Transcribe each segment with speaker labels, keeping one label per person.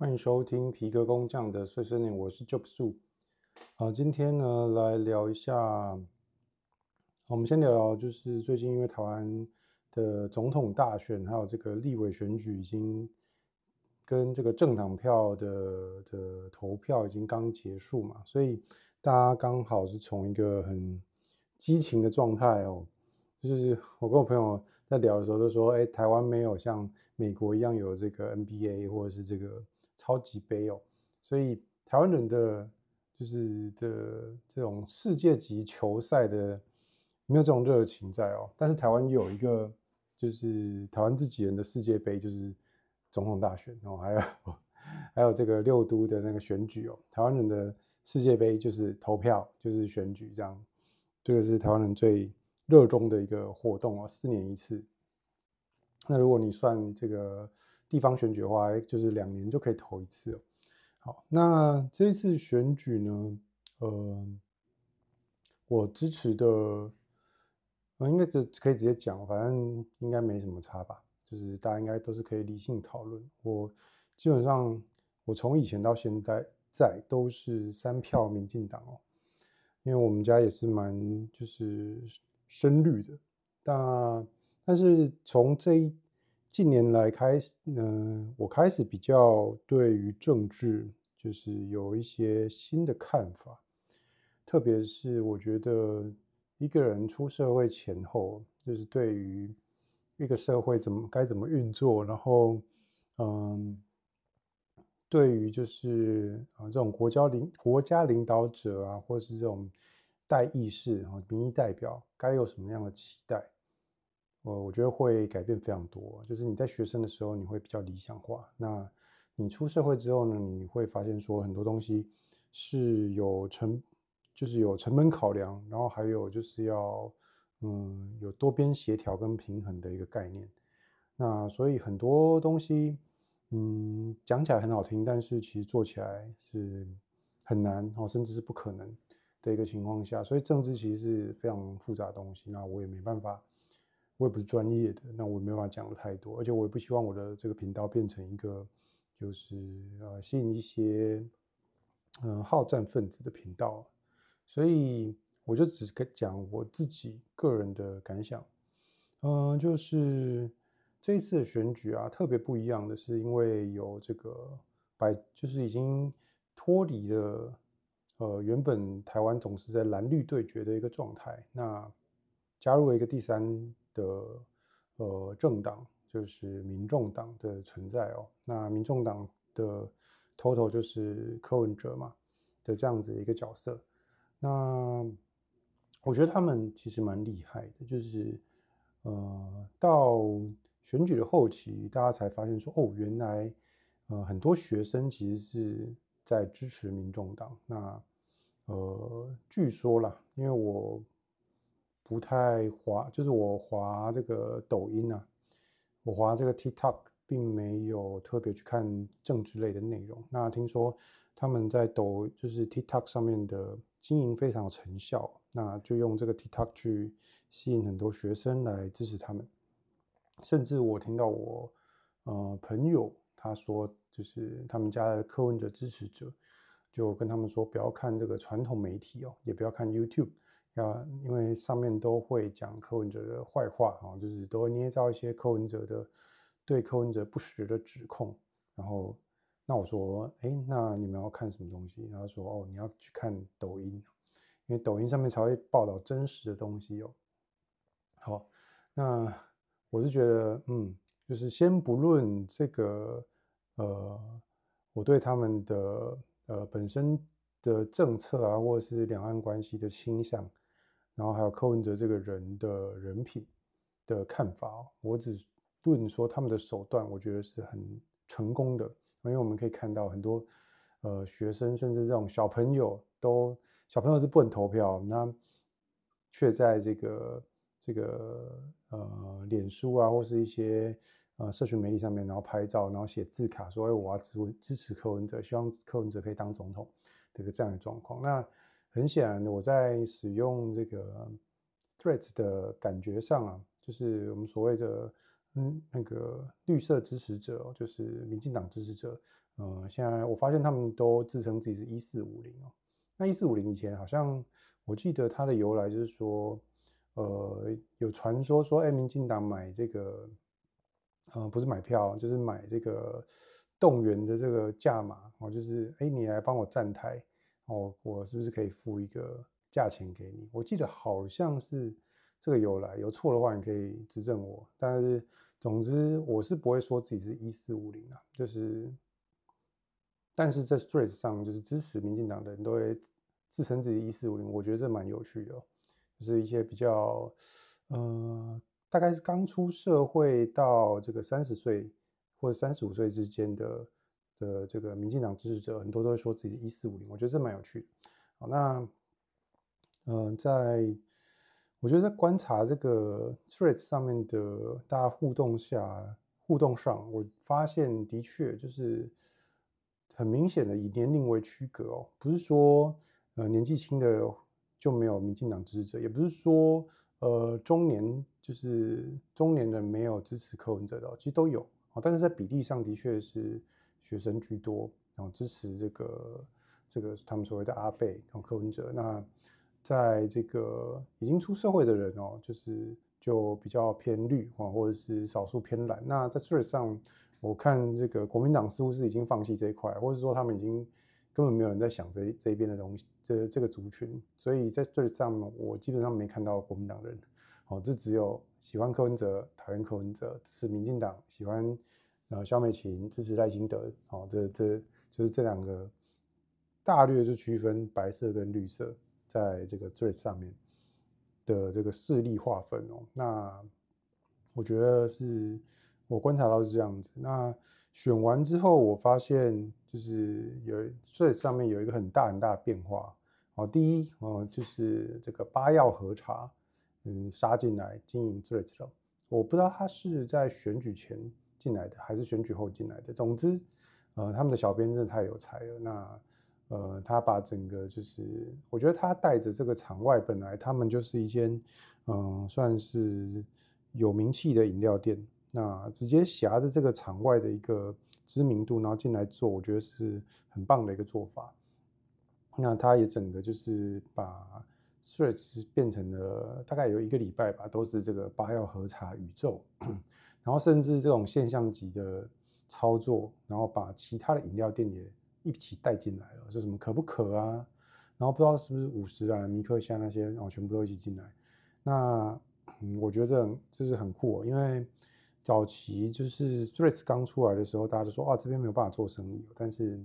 Speaker 1: 歡迎收聽皮革工匠的碎碎念，我是 Job s u 好、啊，今天呢來聊一下，我們先聊聊就是最近因為台灣的總統大選還有這個立委選舉已經跟這個政黨票的的投票已經剛結束嘛，所以大家剛好是從一個很激情的狀態哦，就是我跟我朋友在聊的時候都說，哎，台灣沒有像美國一樣有這個 NBA 或者是這個。超級杯哦，所以台灣人的就是的這種世界級球賽的沒有這種熱情在哦。但是台灣有一個就是台灣自己人的世界杯，就是總統大選哦，還有還有這個六都的那個選舉哦。台灣人的世界杯就是投票，就是選舉這樣，這個是台灣人最熱衷的一個活動哦，四年一次。那如果你算這個。地方選舉的話就是兩年就可以投一次。好，那這次選舉呢？呃，我支持的，呃、應該只可以直接講，反正應該沒什麼差吧。就是大家應該都是可以理性討論。我基本上，我從以前到現在在都是三票民進黨哦，因為我們家也是蠻就是深綠的。但但是從這一。近年來開始，嗯、呃，我開始比較對於政治就是有一些新的看法，特別是我覺得一個人出社會前後，就是對於一個社會怎麼該怎麼運作，然後，嗯，對於就是啊、呃、這種國家領國家領導者啊，或是這種代議士啊、民意代表，該有什麼樣的期待？呃，我覺得會改變非常多。就是你在學生的時候，你會比較理想化；那你出社會之後呢，你會發現說很多東西是有成，就是有成本考量，然後還有就是要嗯有多邊協調跟平衡的一個概念。那所以很多東西，嗯，講起來很好聽，但是其實做起來是很難，哦，甚至是不可能的一個情況下。所以政治其實是非常複雜的東西。那我也沒辦法。我也不是專業的，那我也沒辦法講的太多，而且我也不希望我的這個頻道變成一個就是呃吸引一些嗯、呃、好戰分子的頻道，所以我就只講我自己個人的感想。嗯、呃，就是這一次的選舉啊，特別不一樣的是，因為有這個白，就是已經脫離了呃原本台灣總是在藍綠對決的一個狀態，那加入了一個第三。的呃政黨就是民眾黨的存在哦，那民眾黨的 total 就是柯文哲嘛的這樣子一個角色，那我覺得他們其實蠻厲害的，就是呃到選舉的後期，大家才發現說哦，原來呃很多學生其實是在支持民眾黨，那呃據說啦，因為我。不太滑，就是我滑這個抖音啊，我滑這個 TikTok 並沒有特別去看政治類的內容。那聽說他們在抖，就是 TikTok 上面的經營非常有成效，那就用這個 TikTok 去吸引很多學生來支持他們。甚至我聽到我呃朋友他說，就是他們家的柯文哲支持者就跟他們說，不要看這個傳統媒體哦，也不要看 YouTube。要，因為上面都會講柯文哲的壞話啊，就是都會捏造一些柯文哲的、對柯文哲不實的指控。然後，那我說，哎、欸，那你們要看什麼東西？他說，哦，你要去看抖音，因為抖音上面才會報道真實的東西哦。好，那我是覺得，嗯，就是先不論這個，呃，我對他們的呃本身的政策啊，或者是兩岸關係的傾向。然後還有柯文哲這個人的人品的看法、哦、我只論說他們的手段，我覺得是很成功的，因為我們可以看到很多呃學生甚至這種小朋友都，小朋友是不能投票，那卻在這個這個呃臉書啊或是一些呃社群媒體上面，然後拍照，然後寫字卡說，說、哎、我要支支持柯文哲，希望柯文哲可以當總統，這個這樣的狀況，那。很顯然的，我在使用這個 threads 的感覺上啊，就是我們所謂的嗯，那個綠色支持者，就是民進黨支持者。嗯，現在我發現他們都自稱自己是一四五零哦。那一四五零以前，好像我記得它的由來就是說，呃，有傳說說，哎、欸，民進黨買這個，呃、嗯，不是買票，就是買這個動員的這個價碼哦，就是哎、欸，你來幫我站台。我、哦、我是不是可以付一個價錢給你？我記得好像是這個由來，有錯的話你可以指正我。但是總之，我是不會說自己是一四五零啊，就是，但是在 Threads 上，就是支持民進黨的人都會自稱自己一四五零，我覺得這蠻有趣的、哦，就是一些比較，呃，大概是剛出社會到這個三十歲或者三十五歲之間的。的這個民進黨支持者很多都會說自己是一四五零，我覺得這蠻有趣的。好，那嗯、呃，在我覺得在觀察這個 Threads 上面的大家互動下、互動上，我發現的確就是很明顯的以年齡為區隔哦，不是說呃年紀輕的就沒有民進黨支持者，也不是說呃中年就是中年人沒有支持柯文哲的、哦，其實都有啊、哦，但是在比例上的確是。學生居多，然、哦、後支持這個這個他們所謂的阿伯，然、哦、後柯文哲。那在這個已經出社會的人哦，就是就比較偏綠啊、哦，或者是少數偏藍。那在 Threads 上，我看這個國民黨似乎是已經放棄這一塊，或者說他們已經根本沒有人在想這這一邊的東西，這這個族群。所以在 Threads 上，我基本上沒看到國民黨人，哦，就只有喜歡柯文哲、討厭柯文哲、支持民進黨、喜歡。然後蕭美琴支持賴清德，哦，這這就是這兩個大略就區分白色跟綠色在這個 Threads 上面的這個勢力劃分哦。那我覺得是我觀察到是這樣子。那選完之後，我發現就是有 Threads 上面有一個很大很大的變化哦。第一哦，就是這個八藥核茶嗯殺進來經營 Threads 了。我不知道他是在選舉前。進來的還是選舉後進來的。總之，呃，他們的小編真的太有才了。那，呃，他把整個就是，我覺得他帶着這個場外，本來他們就是一間，嗯、呃，算是有名氣的飲料店。那直接挾着這個場外的一個知名度，然後進來做，我覺得是很棒的一個做法。那他也整個就是把 Threads 變成了大概有一個禮拜吧，都是這個八曜和茶宇宙。 然後甚至這種現象級的操作，然後把其他的飲料店也一起帶進來了，就什麼可不可啊，然後不知道是不是五十啊、米克夏那些，然、哦、後全部都一起進來。那、嗯、我覺得這就是很酷、哦、因為早期就是 Threads 剛出來的時候，大家就說啊、哦、這邊沒有辦法做生意，但是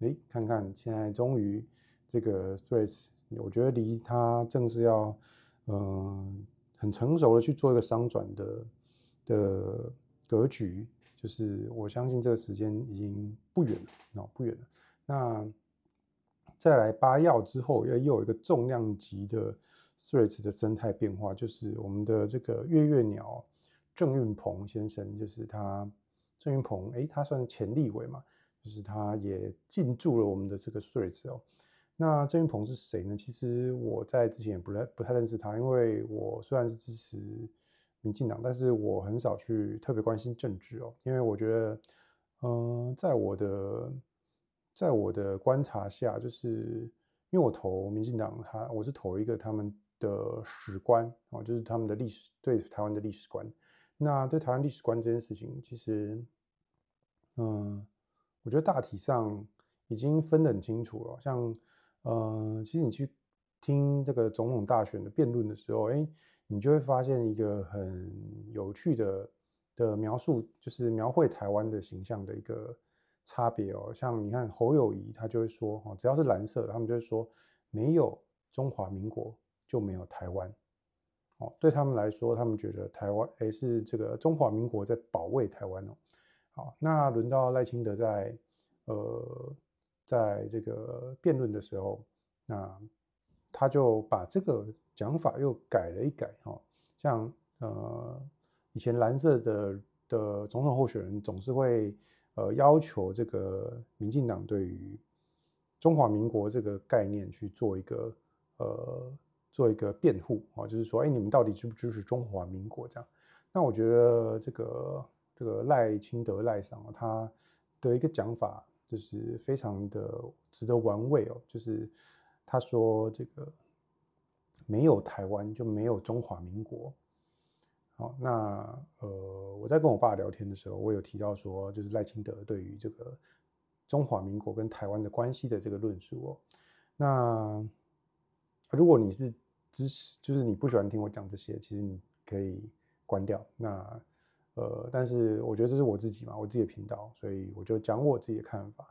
Speaker 1: 哎看看現在終於這個 Threads 我覺得離它正式要嗯、呃、很成熟的去做一個商轉的。的格局，就是我相信這個時間已經不遠了，那不遠了。那再來八耀之後，又又有一個重量級的 Threads 的生態變化，就是我們的這個月月鳥鄭運鵬先生，就是他，鄭運鵬，誒、欸，他算是前立委嘛，就是他也進駐了我們的這個 Threads 哦。那鄭運鵬是誰呢？其實我在之前也不認不太認識他，因為我雖然是支持。民進黨，但是我很少去特別關心政治哦，因為我覺得，嗯、呃，在我的，在我的觀察下，就是因為我投民進黨，他我是投一個他們的史觀哦，就是他們的歷史對台灣的歷史觀。那對台灣歷史觀這件事情，其實，嗯、呃，我覺得大體上已經分得很清楚了。像，嗯、呃，其實你去聽這個總統大選的辯論的時候，哎、欸。你就會發現一個很有趣的的描述，就是描繪台灣的形象的一個差別哦。像你看侯友宜，他就會說哦，只要是藍色，他們就會說沒有中華民國就沒有台灣哦。對他們來說，他們覺得台灣哎、欸、是這個中華民國在保衛台灣哦。好，那輪到賴清德在呃在這個辯論的時候，那他就把這個。講法又改了一改，哦，像呃以前藍色的的總統候選人總是會呃要求這個民進黨對於中華民國這個概念去做一個呃做一個辯護，哦，就是說哎你們到底支不支持中華民國這樣？那我覺得這個這個賴清德賴上他的一個講法就是非常的值得玩味哦，就是他說這個。沒有台灣就沒有中華民國。好，那呃，我在跟我爸聊天的時候，我有提到說，就是賴清德對於這個中華民國跟台灣的關係的這個論述哦。那如果你是支持，就是你不喜歡聽我講這些，其實你可以關掉。那呃，但是我覺得這是我自己嘛，我自己的頻道，所以我就講我自己的看法。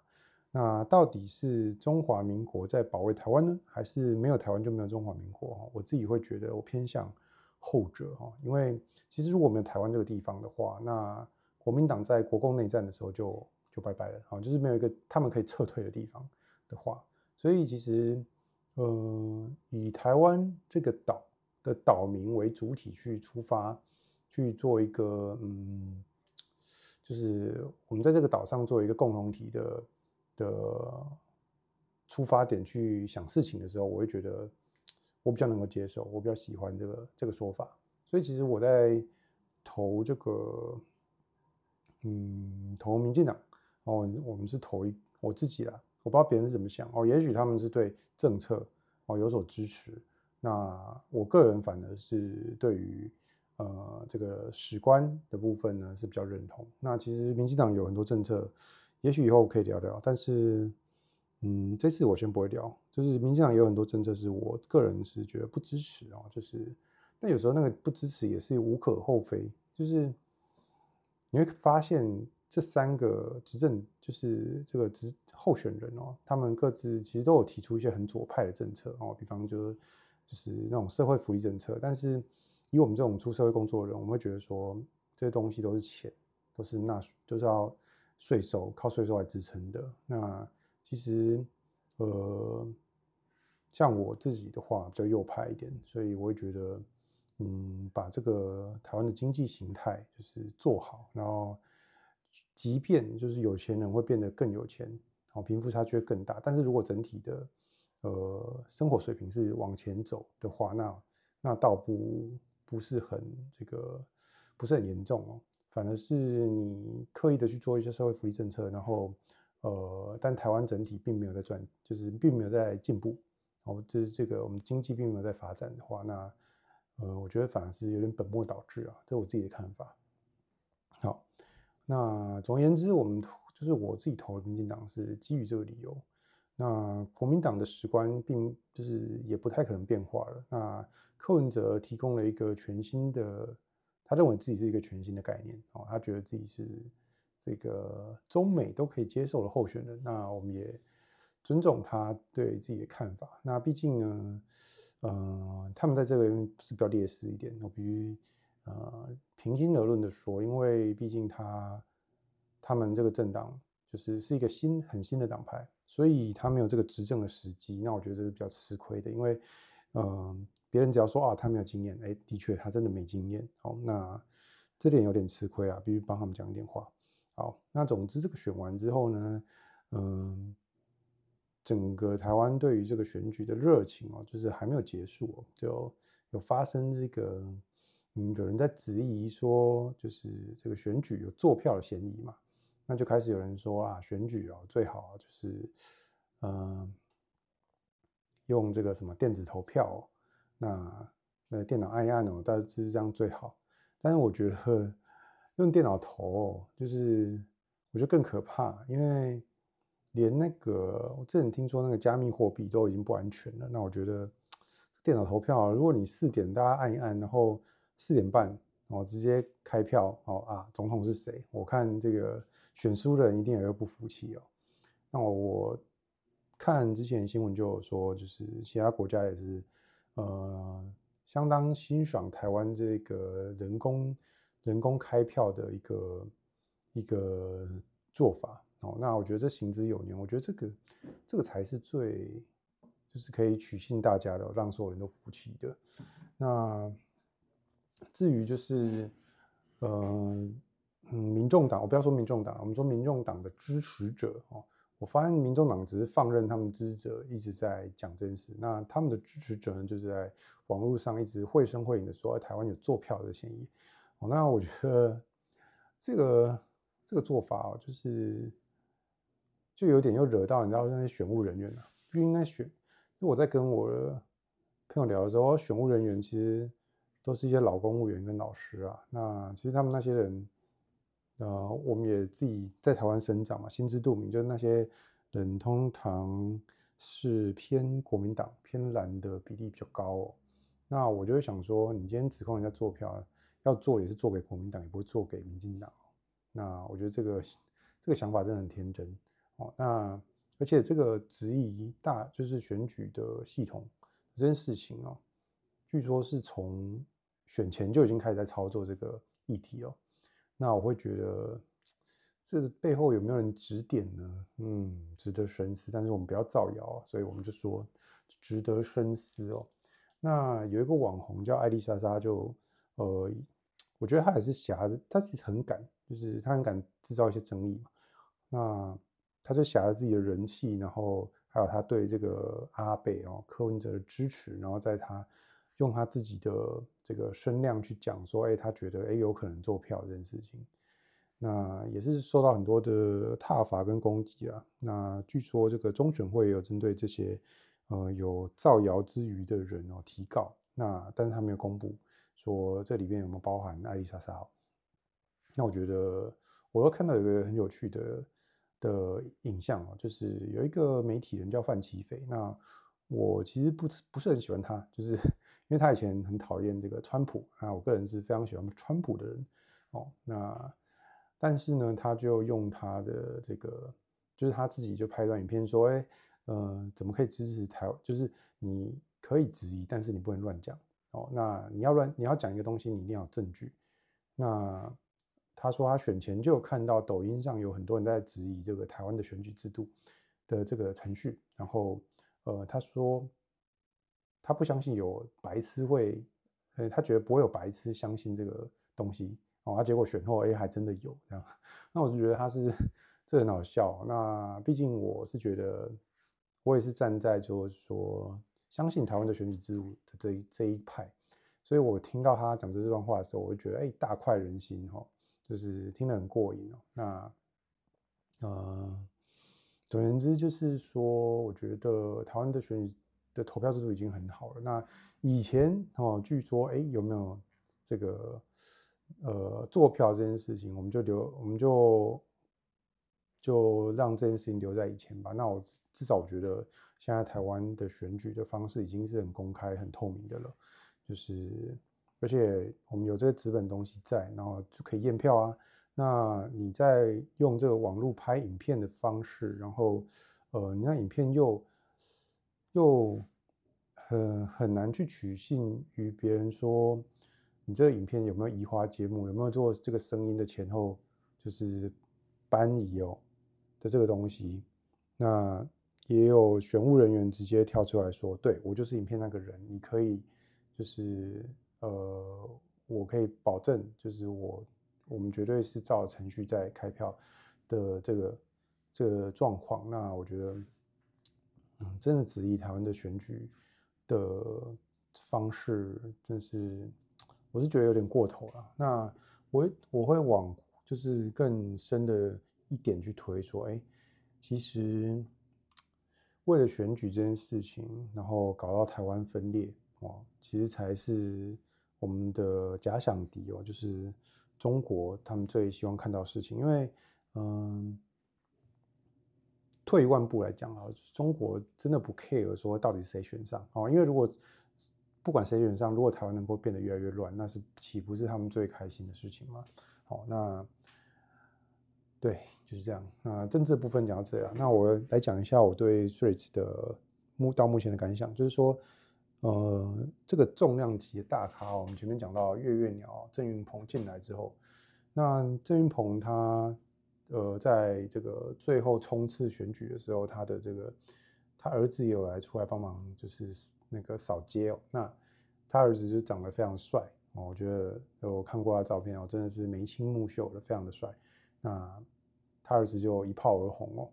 Speaker 1: 那到底是中華民國在保衛台灣呢，還是沒有台灣就沒有中華民國？我自己會覺得我偏向後者，因為其實如果沒有台灣這個地方的話，那國民黨在國共內戰的時候就就拜拜了，就是沒有一個他們可以撤退的地方的話，所以其實呃，以台灣這個島的島民為主體去出發，去做一個嗯，就是我們在這個島上做一個共同體的的出發點去想事情的時候，我會覺得我比較能夠接受，我比較喜歡這個這個說法。所以其實我在投這個，嗯，投民進黨。哦，我們是投一我自己啦。我不知道別人是怎麼想哦，也許他們是對政策哦有所支持。那我個人反而是對於呃這個史觀的部分呢是比較認同。那其實民進黨有很多政策。也許以後可以聊聊，但是，嗯，這次我先不會聊。就是民進黨有很多政策是我個人是覺得不支持哦。就是，但有時候那個不支持也是無可厚非。就是你會發現這三個執政，就是這個執候選人哦，他們各自其實都有提出一些很左派的政策哦，比方就是就是那種社會福利政策。但是以我們這種出社會工作的人，我們會覺得說這些東西都是錢，都是納稅，就是要。稅收靠稅收來支撐的，那其實，呃，像我自己的話比較右派一點，所以我會覺得，嗯，把這個台灣的經濟形態就是做好，然後即便就是有錢人會變得更有錢，然後貧富差距更大，但是如果整體的呃生活水平是往前走的話，那那倒不不是很這個不是很嚴重哦、喔。反而是你刻意的去做一些社會福利政策，然後，呃，但台灣整體並沒有在轉，就是並沒有在進步，哦，就是這個我們經濟並沒有在發展的話，那，呃，我覺得反而是有點本末倒置啊，這是我自己的看法。好，那總而言之，我們就是我自己投的民進黨是基於這個理由，那國民黨的史觀並就是也不太可能變化了，那柯文哲提供了一個全新的。他認為自己是一個全新的概念、哦、他覺得自己是這個中美都可以接受的候選人。那我們也尊重他對自己的看法。那畢竟呢，嗯、呃，他們在這個是比較劣勢一點。我比如呃，平心而論的說，因為畢竟他他們這個政黨就是是一個新很新的黨派，所以他沒有這個執政的時機。那我覺得這是比較吃虧的，因為嗯。呃別人只要說啊，他沒有經驗，哎、欸，的確，他真的沒經驗。好，那這點有點吃虧啊，必須幫他們講一點話。好，那總之這個選完之後呢，嗯，整個台灣對於這個選舉的熱情哦、喔，就是還沒有結束、喔，就有發生這個，嗯，有人在質疑說，就是這個選舉有作票的嫌疑嘛？那就開始有人說啊，選舉哦、喔，最好、喔、就是嗯，用這個什麼電子投票、喔。那呃，電腦按一按哦，但是就是這樣最好。但是我覺得用電腦投哦，就是我覺得更可怕，因為連那個我之前聽說那個加密貨幣都已經不安全了。那我覺得電腦投票，如果你四點大家按一按，然後四點半哦直接開票哦啊，總統是誰？我看這個選輸的人一定也會不服氣哦。那我我看之前新聞就有說，就是其他國家也是。呃，相當欣賞台灣這個人工人工開票的一個一個做法哦。那我覺得這行之有年，我覺得這個這個才是最，就是可以取信大家的，哦，讓所有人都服氣的。那至於就是呃嗯，民眾黨，我不要說民眾黨，我們說民眾黨的支持者哦。我發現民眾黨只是放任他們支持者一直在講真實，那他們的支持者呢，就是在網絡上一直繪聲繪影的說，台灣有做票的嫌疑。哦、那我覺得這個這個做法哦，就是就有點又惹到你知道那些選務人員了、啊，不、就是、應該選。因為我在跟我朋友聊的時候，選務人員其實都是一些老公務員跟老師啊，那其實他們那些人。呃，我們也自己在台灣生長嘛，心知肚明，就是那些人通常是偏國民黨、偏藍的比例比較高哦。那我就會想說，你今天指控人家做票，要做也是做給國民黨，也不會做給民進黨哦。那我覺得這個這個想法真的很天真哦。那而且這個質疑大，就是選舉的系統，這件事情哦，據說是從選前就已經開始在操作這個議題哦。那我會覺得，這背後有沒有人指點呢？嗯，值得深思。但是我們不要造謠啊，所以我們就說值得深思哦。那有一個網紅叫愛莉莎莎，就呃，我覺得她還是挾著，她是很敢，就是她很敢制造一些爭議嘛。那她就挾著自己的人氣，然後還有她對這個阿北哦柯文哲的支持，然後在她用她自己的。這個聲量去講說，哎、欸，他覺得，哎、欸，有可能做票這件事情，那也是受到很多的撻伐跟攻擊啊。那據說這個中選會有針對這些，呃，有造謠之余的人哦提告，那但是他沒有公布，說這裡面有沒有包含愛莉莎莎。那我覺得，我又看到有一個很有趣的的影像哦，就是有一個媒體人叫范琪斐，那我其實不不是很喜歡他，就是。因為他以前很討厭這個川普啊，我個人是非常喜歡川普的人哦。那但是呢，他就用他的這個，就是他自己就拍一段影片說：“哎，呃，怎麼可以支持台灣？就是你可以質疑，但是你不能亂講哦。那你要亂，你要講一個東西，你一定要有證據。那”那他說他選前就看到抖音上有很多人在質疑這個台灣的選舉制度的這個程序，然後呃，他說。他不相信有白痴會，呃、欸，他覺得不會有白痴相信這個東西哦。他結果選後，哎、欸，還真的有這樣。那我就覺得他是這很好笑。那畢竟我是覺得，我也是站在就是說相信台灣的選舉制度的這一這一派。所以我聽到他講這這段話的時候，我就覺得哎、欸，大快人心哦，就是聽得很過癮哦。那呃，總而言之就是說，我覺得台灣的選舉。的投票制度已經很好了。那以前哦，據說誒，有沒有這個呃做票這件事情，我們就留，我們就就讓這件事情留在以前吧。那我至少我覺得，現在台灣的選舉的方式已經是很公開、很透明的了。就是而且我們有這個紙本東西在，然後就可以驗票啊。那你在用這個網絡拍影片的方式，然後呃，你看影片又。又很很難去取信於別人，說你這個影片，有沒有移花接木，有沒有做這個聲音的前後就是搬移哦的這個東西。那也有選務人員直接跳出來說：“對，我就是影片那個人，你可以就是呃，我可以保證，就是我我們絕對是照程序在開票的這個這個狀況。”那我覺得。嗯、真的質疑台灣的選舉的方式真的，真是我是覺得有點過頭了。那我我會往就是更深的一點去推，說，哎、欸，其實為了選舉這件事情，然後搞到台灣分裂，哦，其實才是我們的假想敵哦，就是中國他們最希望看到的事情，因為嗯。退一萬步來講啊，中國真的不 care 說，到底是誰選上啊？因為如果不管誰選上，如果台灣能夠變得越來越亂，那是豈不是他們最開心的事情嗎？好，那對，就是這樣。那政治的部分講到這樣，那我來講一下我對 Threads 的目到目前的感想，就是說，呃，這個重量級的大咖，我們前面講到月月鳥鄭云鵬進來之後，那鄭云鵬他。呃，在這個最後衝刺選舉的時候，他的這個他兒子也有來出來幫忙，就是那個掃街哦。那他兒子就長得非常帥哦，我覺得有看過他照片哦，真的是眉清目秀的，非常的帥。那他兒子就一炮而紅哦。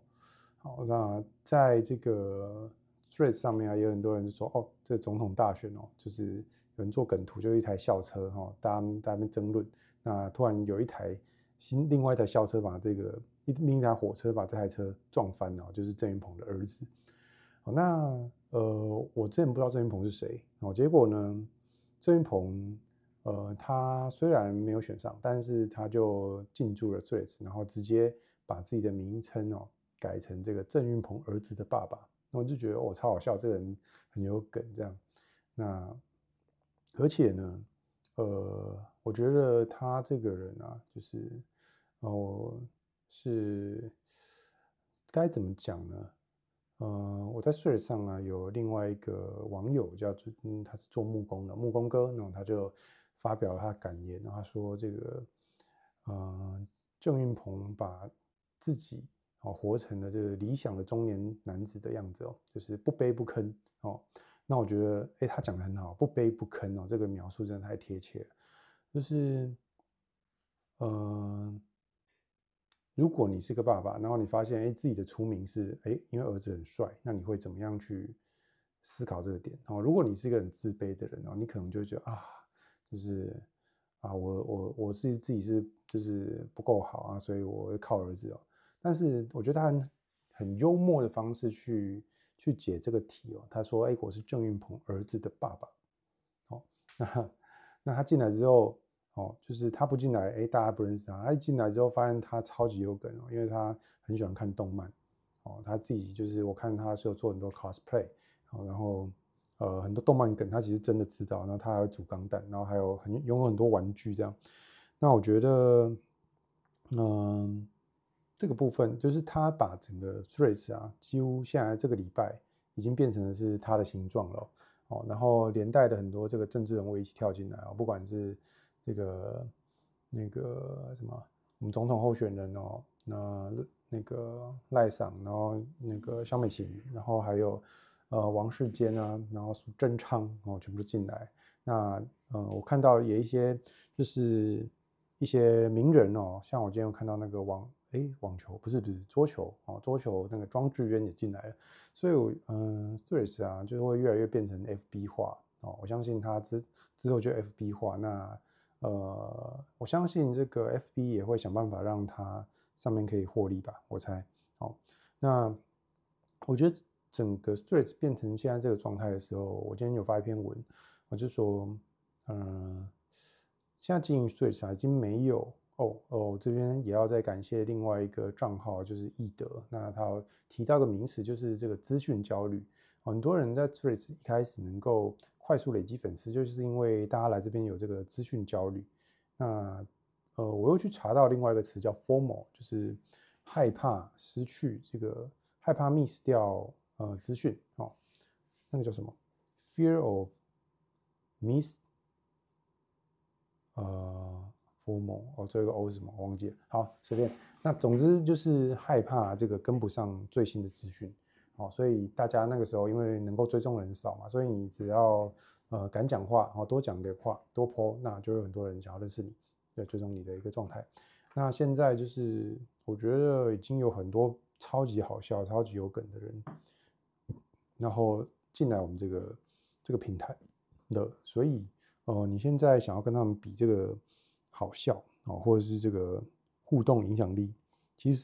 Speaker 1: 好，那在這個 threads 上面啊，也有很多人就說哦，這個、總統大選哦，就是有人做梗圖，就一台校車哈、哦，大家在那邊爭論，那突然有一台。新另外一台校車，把這個一另一台火車把這台車撞翻了，就是鄭運鵬的兒子。那呃，我真不知道鄭運鵬是誰，哦，結果呢，鄭運鵬，呃，他雖然沒有選上，但是他就進駐了這次，然後直接把自己的名稱哦改成這個鄭運鵬兒子的爸爸，那我就覺得哦超好笑，這個人很有梗這樣。那而且呢，呃。我覺得他這個人啊，就是，哦、呃，是該怎麼講呢？嗯、呃，我在 Twitter 上呢、啊、有另外一個網友叫，嗯、他是做木工的木工哥，那、嗯、他就發表了他的感言，然後他說這個，嗯、呃，鄭運鵬把自己哦活成了這個理想的中年男子的樣子哦，就是不卑不亢哦。那我覺得，哎，他講的很好，不卑不亢哦，這個描述真的太貼切了。就是，嗯、呃，如果你是個爸爸，然後你發現哎自己的出名是哎因為兒子很帥，那你會怎麼樣去思考這個點？哦，如果你是一個很自卑的人哦，你可能就會覺得啊，就是啊我我我是自己是就是不夠好啊，所以我會靠兒子哦。但是我覺得他很很幽默的方式去去解這個題哦。他說哎我是鄭運鵬兒子的爸爸，哦、那那他進來之後。哦，就是他不進來，誒、欸，大家不認識他。他一進來之後，發現他超級有梗哦，因為他很喜歡看動漫。哦，他自己就是，我看他是有做很多 cosplay，哦、然後呃，很多動漫梗他其實真的知道。然後他還有煮鋼彈，然後還有很擁有很多玩具這樣。那我覺得，嗯、呃，這個部分就是他把整個 Threads 啊，幾乎現在這個禮拜已經變成了是他的形狀了哦。哦，然後連帶的很多這個政治人物一起跳進來，哦，不管是。這個那個什麼，我們總統候選人哦，那那個賴桑，然後那個蕭美琴，然後還有呃王世堅啊，然後蘇貞昌，哦，全部都進來。那呃我看到也有一些就是一些名人哦，像我今天有看到那個網，哎，網球，不是不是，桌球哦，桌球那個莊智淵也進來了，所以嗯，Threads、呃、啊，就是會越來越變成 FB 化哦，我相信他之之後就 FB 化那。呃，我相信這個 FB 也會想辦法讓它上面可以獲利吧，我猜。好、哦，那我覺得整個 Threads 變成現在這個狀態的時候，我今天有發一篇文，我就說，嗯、呃，現在經營 Threads、啊、已經沒有哦哦，這邊也要再感謝另外一個賬號，就是易德，那他提到個名詞，就是這個資訊焦慮，哦、很多人在 Threads 一開始能夠。快速累積粉絲，就是因為大家來這邊有這個資訊焦慮。那，呃，我又去查到另外一個詞叫 FOMO，就是害怕失去這個，害怕 miss 掉呃資訊，哦，那個叫什麼？Fear of miss，呃，FOMO，哦，最後一個 O 是什麼？我忘記了。好，隨便。那總之就是害怕這個跟不上最新的資訊。哦，所以大家那個時候因為能夠追蹤的人少嘛，所以你只要呃敢講話，哦、多講的話，多 PO，那就有很多人想要認識你，要追蹤你的一個狀態。那現在就是我覺得已經有很多超級好笑、超級有梗的人，然後進來我們這個這個平臺了。所以哦、呃，你現在想要跟他們比這個好笑啊、哦，或者是這個互動影響力，其實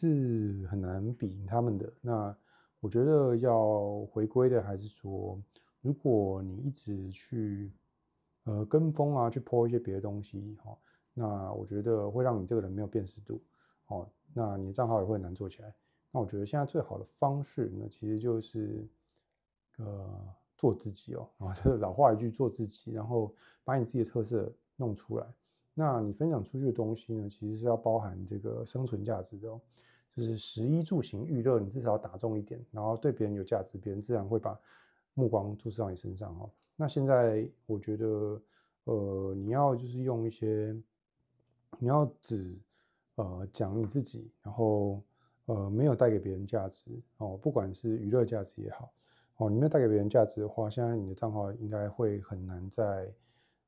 Speaker 1: 是很難比贏他們的那。我覺得要回歸的還是說，如果你一直去呃跟風啊，去拋一些別的東西哈、哦，那我覺得會讓你這個人沒有辨識度哦，那你的賬號也會難做起來。那我覺得現在最好的方式，呢，其實就是呃做自己哦，啊、就是、老話一句做自己，然後把你自己的特色弄出來。那你分享出去的東西呢，其實是要包含這個生存價值的，哦。就是食衣住行娛樂，你至少打中一點，然後對別人有價值，別人自然會把目光注視到你身上哦。那現在我覺得，呃，你要就是用一些，你要只呃講你自己，然後呃沒有帶給別人價值哦，不管是娛樂價值也好哦，你沒有帶給別人價值的話，現在你的賬號應該會很難再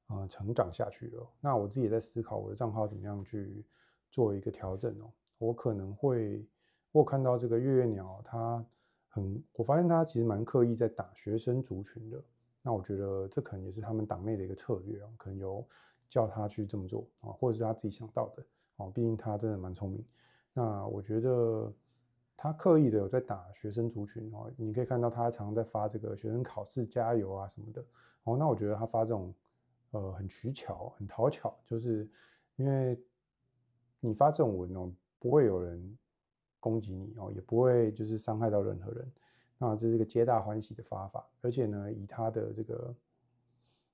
Speaker 1: 呃成長下去了。那我自己也在思考我的賬號怎麼樣去做一個調整哦。我可能會，我有看到這個月月鳥，他很，我發現他其實蠻刻意在打學生族群的。那我覺得這可能也是他們黨內的一個策略，可能有叫他去這麼做啊，或者是他自己想到的啊。畢竟他真的蠻聰明。那我覺得他刻意的有在打學生族群哦，你可以看到他常常在發這個學生考試加油啊什麼的哦。那我覺得他發這種，呃，很取巧，很討巧，就是因為你發這種文哦。不會有人攻擊你哦，也不會就是傷害到任何人。那這是一個皆大歡喜的方法，而且呢，以他的這個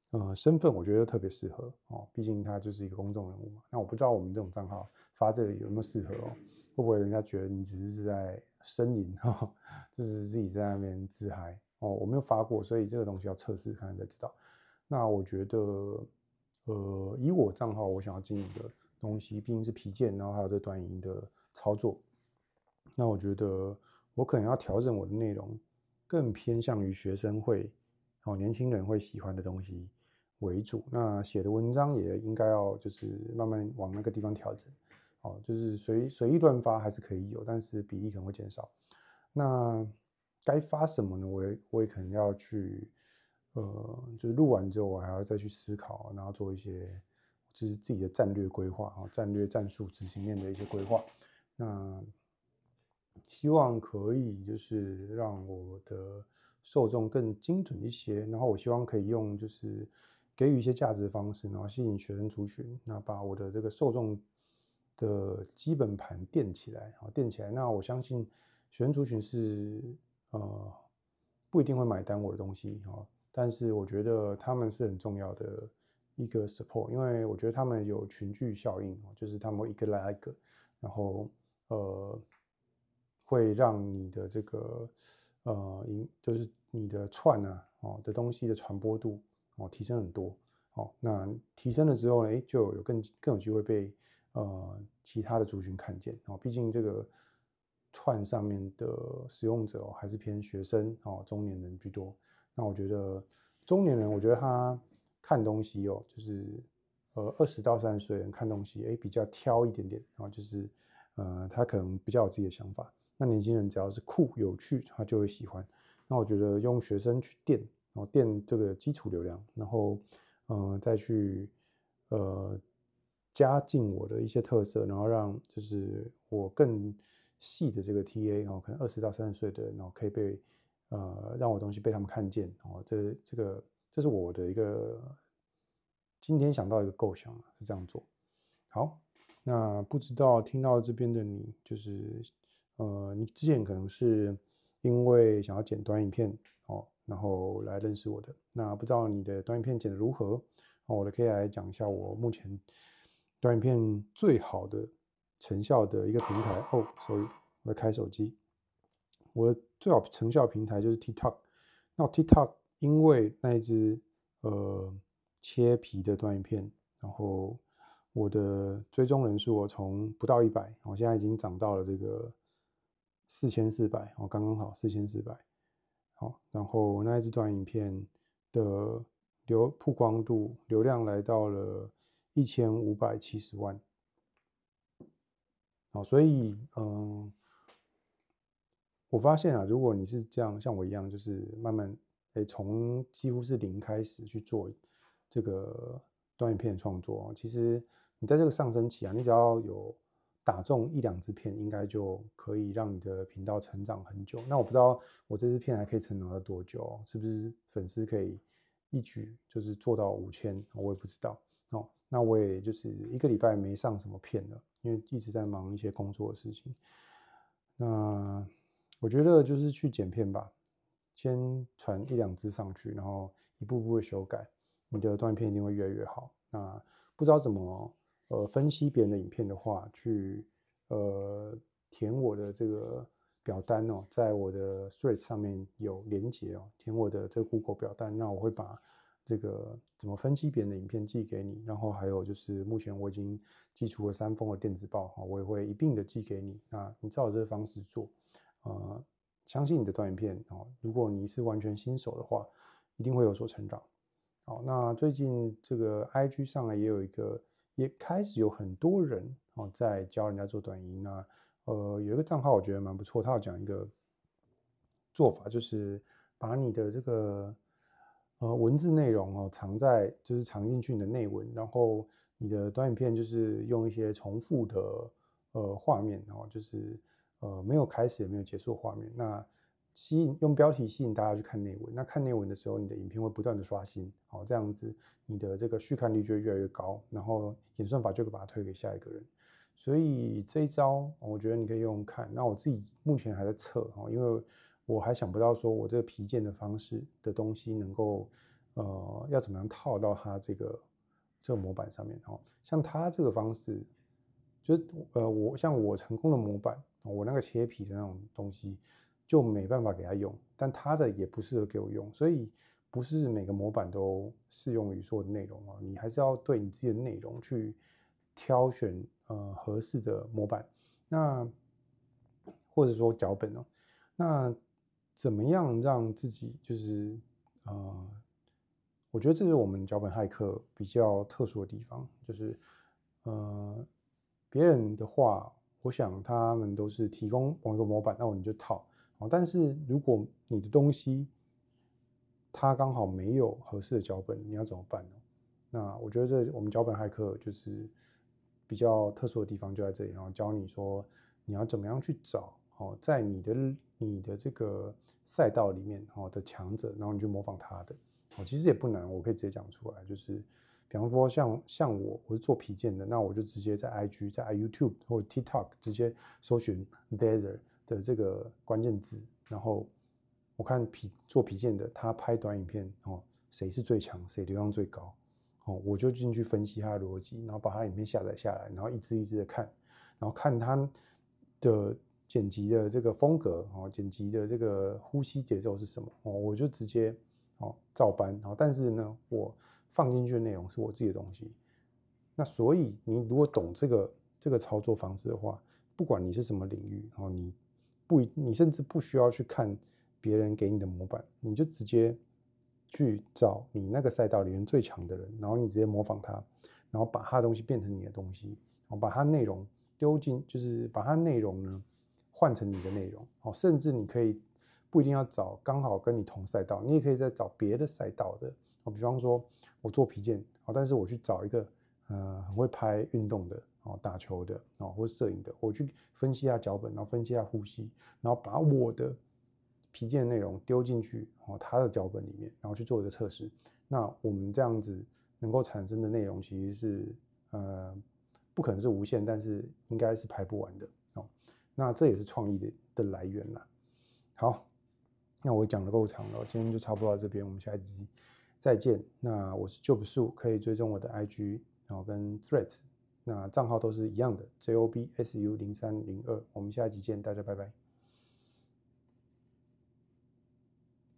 Speaker 1: 呃身份，我覺得特別適合哦。畢竟他就是一個公眾人物嘛。那我不知道我們這種賬號發這個有沒有適合哦，會不會人家覺得你只是是在呻吟哈，就是自己在那邊自嗨哦。我沒有發過，所以這個東西要測試看看才知道。那我覺得呃，以我賬號我想要經營的。東西畢竟是皮件，然後還有這短影音的操作，那我覺得我可能要調整我的內容，更偏向於學生會哦年輕人會喜歡的東西為主。那寫的文章也應該要就是慢慢往那個地方調整，哦，就是隨隨意亂發還是可以有，但是比例可能會減少。那該發什麼呢？我也我也可能要去，呃，就是錄完之後我還要再去思考，然後做一些。就是自己的戰略規劃啊，戰略戰術執行面的一些規劃。那希望可以就是讓我的受眾更精準一些，然後我希望可以用就是給予一些價值的方式，然後吸引學生族群，那把我的這個受眾的基本盤墊起來，啊，墊起來。那我相信學生族群是呃不一定會買單我的東西啊，但是我覺得他們是很重要的。一個 support，因為我覺得他們有群聚效應，就是他們一個來一個，然後呃，會讓你的這個呃，就是你的串啊哦的東西的傳播度哦提升很多哦。那提升了之後呢，誒就有更更有機會被呃其他的族群看見哦。畢竟這個串上面的使用者哦，還是偏學生哦，中年人居多。那我覺得中年人，我覺得他。看東西哦，就是，呃，二十到三十歲人看東西，誒，比較挑一點點，然後就是，呃，他可能比較有自己的想法。那年輕人只要是酷、有趣，他就會喜歡。那我覺得用學生去墊，然後墊這個基礎流量，然後，呃，再去，呃，加進我的一些特色，然後讓就是我更細的這個 TA 哦，可能二十到三十歲的人，然後可以被，呃，讓我東西被他們看見。哦，這這個。這個這是我的一個今天想到的一個構想，是這樣做。好，那不知道聽到這邊的你，就是呃，你之前可能是因為想要剪短影片哦，然後來認識我的。那不知道你的短影片剪的如何？那我的可以來講一下我目前短影片最好的成效的一個平台哦。所以我要開手機，我的最好成效平台就是 TikTok。那 TikTok。因為那一隻呃切皮的短影片，然後我的追蹤人數我從不到一百，我現在已經漲到了這個四千四百，哦，剛剛好四千四百。好，然後那一隻短影片的流曝光度流量來到了一千五百七十萬。好，所以嗯、呃，我發現啊，如果你是這樣，像我一樣，就是慢慢。哎，從幾乎是零開始去做這個短影片的創作，其實你在這個上升期啊，你只要有打中一兩支片，應該就可以讓你的頻道成長很久。那我不知道我這支片還可以成長到多久，是不是粉絲可以一舉就是做到五千？我也不知道哦。那我也就是一個禮拜沒上什麼片了，因為一直在忙一些工作的事情。那我覺得就是去剪片吧。先傳一兩支上去，然後一步步的修改，你的短片一定會越來越好。那不知道怎麼、哦、呃分析別人的影片的話，去呃填我的這個表單哦，在我的 Threads 上面有連結哦，填我的這個 Google 表單。那我會把這個怎麼分析別人的影片寄給你，然後還有就是目前我已經寄出了三封的電子報哈、哦，我也會一併的寄給你。那你照我這個方式做，呃相信你的短影片哦，如果你是完全新手的話，一定會有所成長。好，那最近這個 IG 上也有一個，也開始有很多人哦在教人家做短影啊。呃，有一個賬號我覺得蠻不錯，他有講一個做法，就是把你的這個呃文字內容哦藏在，就是藏進去你的內文，然後你的短影片就是用一些重複的呃畫面，然後，哦，就是。呃，沒有開始也沒有結束的畫面，那吸引用標題吸引大家去看內文，那看內文的時候，你的影片會不斷的刷新，好、哦，這樣子你的這個續看率就會越來越高，然後演算法就會把它推給下一個人，所以這一招、哦、我覺得你可以用用看。那我自己目前還在測啊、哦，因為我還想不到說我這個皮件的方式的東西能夠，呃，要怎麼樣套到它這個這個模板上面哦，像它這個方式，就是呃，我像我成功的模板，我那個切皮的那種東西，就沒辦法給他用，但他的也不適合給我用，所以不是每個模板都適用於所有的內容哦、啊。你還是要對你自己的內容去挑選呃合適的模板，那或者說腳本哦、啊。那怎麼樣讓自己就是呃，我覺得這是我們腳本駭客比較特殊的地方，就是呃別人的話。我想他們都是提供某一個模板，那我們就套。但是如果你的東西，它剛好沒有合適的腳本，你要怎麼辦呢？那我覺得這我們腳本駭客，就是比較特殊的地方就在這裡，然後教你說你要怎麼樣去找哦，在你的你的這個賽道裡面哦的強者，然後你就模仿他的。哦，其實也不難，我可以直接講出來，就是。比方說像，像像我，我是做皮件的，那我就直接在 I G、在 YouTube 或者 TikTok 直接搜尋 leather 的這個關鍵字，然後我看皮做皮件的，他拍短影片哦，誰是最強，誰流量最高哦，我就進去分析他的邏輯，然後把他影片下載下來，然後一支一支的看，然後看他的剪輯的這個風格哦，剪輯的這個呼吸節奏是什麼哦，我就直接哦照搬哦，然後但是呢，我。放進去的內容是我自己的東西，那所以你如果懂這個這個操作方式的話，不管你是什麼領域，哦，你不一，你甚至不需要去看別人給你的模板，你就直接去找你那個賽道裡面最強的人，然後你直接模仿他，然後把他的東西變成你的東西，然後把他內容丟進，就是把他內容呢換成你的內容，哦，甚至你可以不一定要找剛好跟你同賽道，你也可以再找別的賽道的。我比方說，我做皮件啊，但是我去找一個，呃，很會拍運動的啊，打球的啊，或攝影的，我去分析一下腳本，然後分析一下呼吸，然後把我的皮件內容丟進去啊，他的腳本裡面，然後去做一個測試。那我們這樣子能夠產生的內容其實是，呃，不可能是無限，但是應該是拍不完的哦。那這也是創意的的來源啦。好，那我講的夠長了，今天就差不多到這邊，我們下一集。再見，那我是 Job Su，可以追蹤我的 IG，然後跟 Threads，那賬號都是一樣的，J O B S U 零三零二，我們下一集見，大家拜拜。